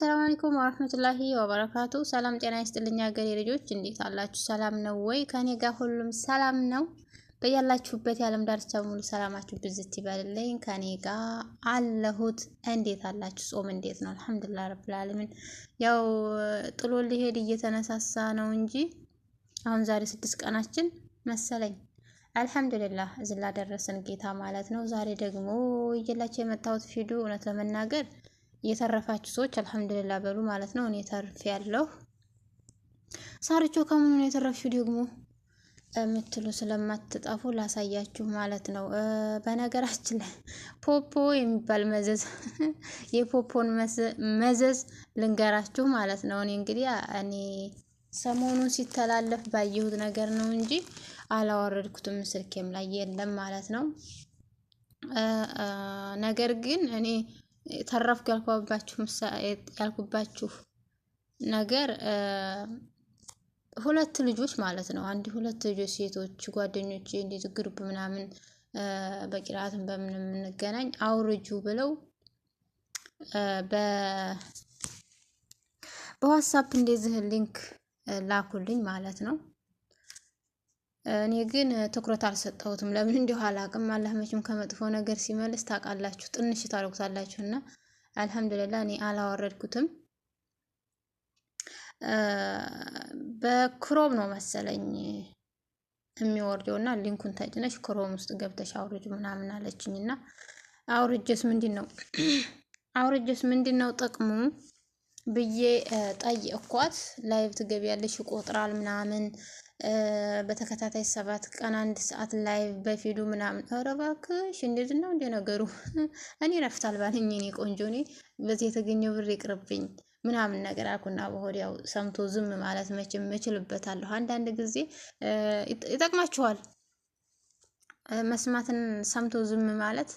ሰላም አለይኩም ወራህመቱላሂ ወበረካቱ። ሰላም ጤና ይስጥልኝ ሀገሬ ልጆች እንዴት አላችሁ? ሰላም ነው ወይ? ከኔ ጋር ሁሉም ሰላም ነው። በያላችሁበት የዓለም ዳርቻ ሙሉ ሰላማችሁ ብዝት ይበልልኝ። ከኔ ጋር አለሁት። እንዴት አላችሁ? ጾም እንዴት ነው? አልሐምዱሊላህ ረብል ዓለሚን። ያው ጥሎ ሊሄድ እየተነሳሳ ነው እንጂ አሁን ዛሬ ስድስት ቀናችን መሰለኝ። አልሐምዱሊላህ እዚህ ላደረሰን ጌታ ማለት ነው። ዛሬ ደግሞ እየላችሁ የመጣሁት ፊዱ እውነት ለመናገር የተረፋችሁ ሰዎች አልሐምዱሊላ በሉ ማለት ነው። እኔ ተርፌ ያለሁ ሳርቾ ከምኑ ነው የተረፍሽው ደግሞ የምትሉ ስለማትጠፉ ላሳያችሁ ማለት ነው። በነገራችን ላይ ፖፖ የሚባል መዘዝ የፖፖን መዘዝ ልንገራችሁ ማለት ነው። እኔ እንግዲህ እኔ ሰሞኑን ሲተላለፍ ባየሁት ነገር ነው እንጂ አላወረድኩትም፣ ስልኬም ላይ የለም ማለት ነው። ነገር ግን እኔ ተረፍኩ ያልኩባችሁ ያልኩባችሁ ነገር ሁለት ልጆች ማለት ነው። አንድ ሁለት ልጆች ሴቶች ጓደኞች እንዴት ግሩፕ ምናምን በቂራትን በምን የምንገናኝ አውርጁ ብለው በዋትሳፕ እንደዚህ ሊንክ ላኩልኝ ማለት ነው። እኔ ግን ትኩረት አልሰጠሁትም። ለምን እንዲሁ አላቅም። አላህ መቼም ከመጥፎ ነገር ሲመልስ ታውቃላችሁ፣ ጥንሽ ታደርጉታላችሁ። እና አልሐምዱሊላህ እኔ አላወረድኩትም። በክሮም ነው መሰለኝ የሚወርደው እና ሊንኩን ተጭነሽ ክሮም ውስጥ ገብተሽ አውርጅ ምናምን አለችኝ እና አውርጀስ ምንድን ነው አውርጀስ ምንድን ነው ጥቅሙ? ብዬ ጠየቅኳት። ላይቭ ትገቢያለሽ ይቆጥራል ምናምን በተከታታይ ሰባት ቀን አንድ ሰዓት ላይቭ በፊዱ ምናምን። ኧረ እባክሽ እንዴት ነው እንደ ነገሩ? እኔ ረፍታል አልባ እኔ ቆንጆ፣ እኔ በዚህ የተገኘው ብር ይቅርብኝ ምናምን ነገር አልኩና በሆድ ያው ሰምቶ ዝም ማለት መቼም እችልበታለሁ። አንዳንድ ጊዜ ይጠቅማችኋል መስማትን ሰምቶ ዝም ማለት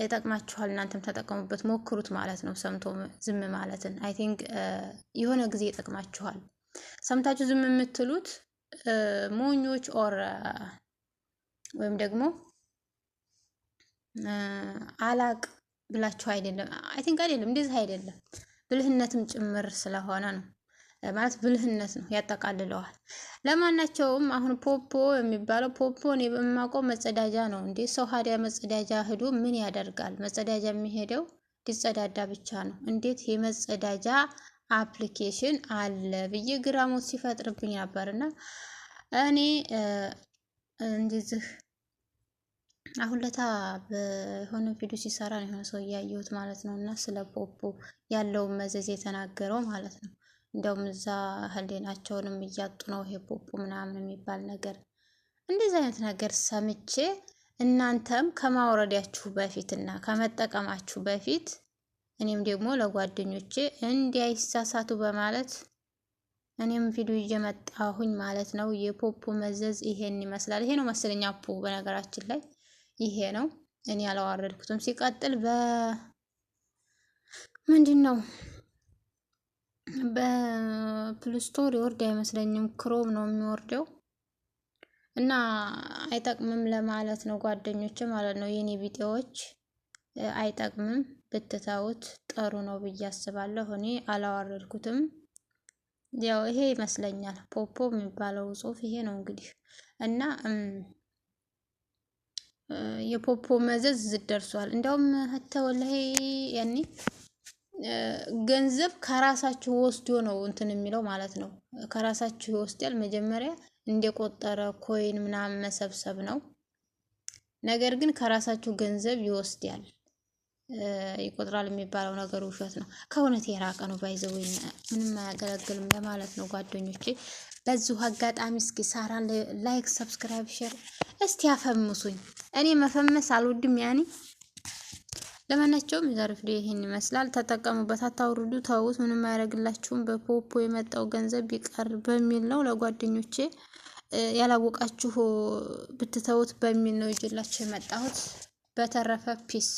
ይጠቅማችኋል። እናንተም ተጠቀሙበት፣ ሞክሩት ማለት ነው። ሰምቶ ዝም ማለትን አይ ቲንክ የሆነ ጊዜ ይጠቅማችኋል። ሰምታችሁ ዝም የምትሉት ሞኞች ኦር ወይም ደግሞ አላቅ ብላችሁ አይደለም። አይ ቲንክ አይደለም፣ እንደዚህ አይደለም። ብልህነትም ጭምር ስለሆነ ነው ማለት ብልህነት ነው ያጠቃልለዋል። ለማናቸውም አሁን ፖፖ የሚባለው ፖፖ እኔ የማውቀው መጸዳጃ ነው እንዴ። ሰው ሀዲያ መጸዳጃ ሂዶ ምን ያደርጋል? መጸዳጃ የሚሄደው ሊጸዳዳ ብቻ ነው። እንዴት የመጸዳጃ አፕሊኬሽን አለ ብዬ ግራሞት ሲፈጥርብኝ ነበር። እኔ እንደዚህ አሁን ለታ በሆነ ቪዲዮ ሲሰራ ነው የሆነ ሰው እያየሁት ማለት ነው። እና ስለ ፖፖ ያለውን መዘዝ የተናገረው ማለት ነው። እንደውም እዛ ህሊናቸውንም እያጡ ነው ይሄ ፖፖ ምናምን የሚባል ነገር እንደዚህ አይነት ነገር ሰምቼ እናንተም ከማውረዳችሁ በፊትና ከመጠቀማችሁ በፊት እኔም ደግሞ ለጓደኞቼ እንዲያይሳሳቱ በማለት እኔም ቪዲዮ እየመጣሁኝ ማለት ነው። የፖፖ መዘዝ ይሄን ይመስላል። ይሄ ነው መሰለኝ ፖ በነገራችን ላይ ይሄ ነው። እኔ አላዋረድኩትም። ሲቀጥል በምንድን ነው በፕልስቶር ይወርድ አይመስለኝም። ክሮም ነው የሚወርደው እና አይጠቅምም ለማለት ነው ጓደኞች ማለት ነው የኔ ቪዲዮዎች አይጠቅምም ብትተውት ጥሩ ነው ብዬ አስባለሁ። እኔ አላዋረድኩትም። ያው ይሄ ይመስለኛል ፖፖ የሚባለው ጽሁፍ ይሄ ነው እንግዲህ እና የፖፖ መዘዝ ደርሷል። እንደውም ህተ ያኔ ገንዘብ ከራሳችሁ ወስዶ ነው እንትን የሚለው ማለት ነው። ከራሳችሁ ይወስዳል። መጀመሪያ እንደቆጠረ ኮይን ምናምን መሰብሰብ ነው። ነገር ግን ከራሳችሁ ገንዘብ ይወስዳል ይቆጥራል የሚባለው ነገር ውሸት ነው። ከእውነት የራቀ ነው። ባይዘው ምንም አያገለግልም ለማለት ነው ጓደኞቼ። በዚሁ አጋጣሚ እስኪ ሳራን ላይክ፣ ሰብስክራይብ፣ ሼር እስቲ አፈምሱኝ። እኔ መፈመስ አልወድም ያኔ ለማናቸውም የዛሬ ቪዲዮ ይህን ይመስላል። ተጠቀሙበት፣ አታውርዱ፣ ተውት፣ ምንም አያደርግላችሁም። በፖፖ የመጣው ገንዘብ ቢቀር በሚል ነው ለጓደኞቼ ያላወቃችሁ ብትተውት በሚል ነው ይዤላችሁ የመጣሁት። በተረፈ ፒስ